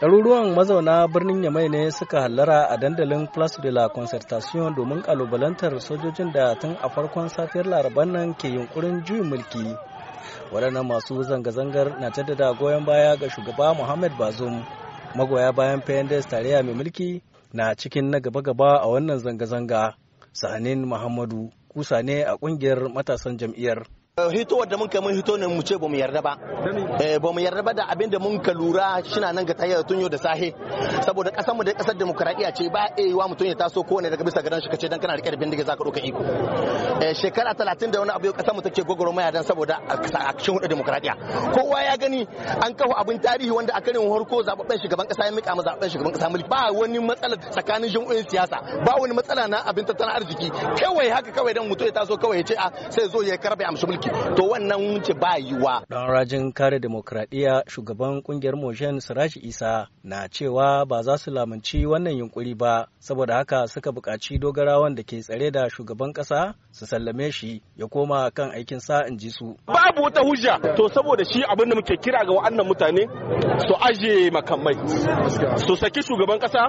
Ɗaruruwan mazauna birnin Yamai ne suka hallara a dandalin Place de la Concertation domin kalubalantar sojojin da tun a farkon safiyar laraban nan ke yunkurin juyin mulki. Waɗannan masu zanga-zangar na jaddada goyon baya ga shugaba Muhammad Bazoum. Magoya bayan PNDS tarayya mai mulki na cikin na gaba-gaba a wannan zanga-zanga. Sanin Muhammadu kusa ne a ƙungiyar matasan jam'iyyar. Eh, hito da mun kai mun hito ne mu ce ba mu yarda ba eh, ba mu yarda ba da abin da mun ka lura shina nan ga tayar tun yau da sahe saboda kasar mu da kasar demokradiya ce ba wa mutum ya taso ko ne daga bisa gidan shi kace dan kana rike da bindiga zaka doka iko eh, shekara 30 da wani abu kasar mu take gogoromaya dan saboda a cikin hudu demokradiya kowa ya gani an kafa abin tarihi wanda a karin harko zababben shugaban kasa ya mika mu zababben shugaban kasa mulki ba wani matsala tsakanin jam'o'in siyasa ba wani matsala na abin tattalin arziki kawai haka kawai dan mutum ya taso kawai ya ce a ah, sai zo ya karbe amshi mulki to wannan wuce ba yiwa dan rajin kare demokradiyya shugaban kungiyar motion Sirashi Isa na cewa ba za su lamunci wannan yunkuri ba saboda haka suka buƙaci dogarawan da ke tsare da shugaban ƙasa su sallame shi ya koma kan aikin sa in ji su babu wata hujja to saboda shi abin da muke kira ga wa'annan mutane su aje makamai su saki shugaban ƙasa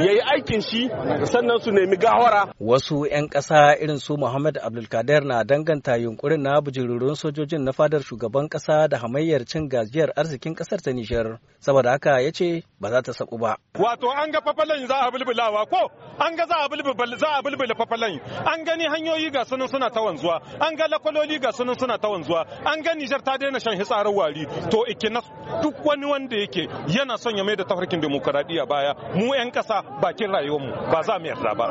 ya yi aikin shi sannan su nemi gawara wasu 'yan ƙasa irin su Muhammad Abdulkader na danganta yunkurin na bujirorin sojojin na fadar shugaban kasa da hamayyar cin gajiyar arzikin kasar ta Nijar. Saboda haka ya ce ba za ta sabu ba. Wato an ga fafalan za a bulbulawa ko an ga za a bulbula za an gani hanyoyi ga sunan suna ta wanzuwa an ga lakwaloli ga sunan suna ta wanzuwa an ga Nijar ta daina shan hitsarin wari to ikinas duk wani wanda yake yana son ya mai da tafarkin demokaradiyya baya mu 'yan ƙasa bakin rayuwarmu ba za mu yarda ba.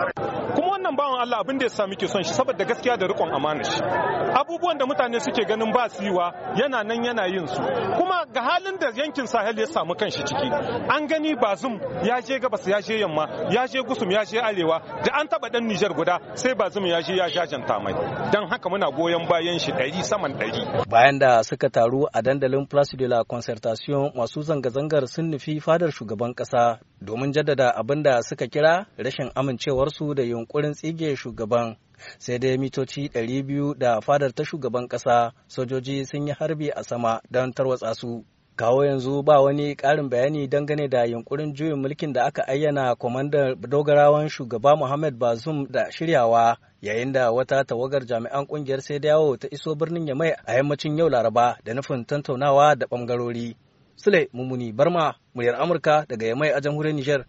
wannan bawan Allah abin da ya sami ke son shi saboda gaskiya da rikon amana shi abubuwan da mutane suke ganin ba su yiwa yana nan yana yin su kuma ga halin da yankin Sahel ya samu kanshi ciki an gani Bazum ya je gabas ya je yamma ya je Gusum ya je arewa da an taba dan Niger guda sai Bazum ya je ya jajanta mai dan haka muna goyon bayan shi ɗari saman ɗari bayan da suka taru a dandalin Place de la Concertation masu zanga-zangar sun nufi fadar shugaban ƙasa domin jaddada abin da suka kira rashin amincewarsu da yunkurin tsige shugaban sai dai mitoci 200 da fadar ta shugaban ƙasa sojoji sun yi harbi a sama don tarwatsa su kawo yanzu ba wani karin bayani dangane da yunkurin juyin mulkin da aka ayyana kwamandan dogarawan shugaba muhammad bazum da shiryawa yayin da wata tawagar jami'an kungiyar sai yawo ta iso birnin ya mai a yammacin yau laraba da nufin tantaunawa da ɓangarori sule mummuni barma muryar amurka daga ya mai a jamhuriyar niger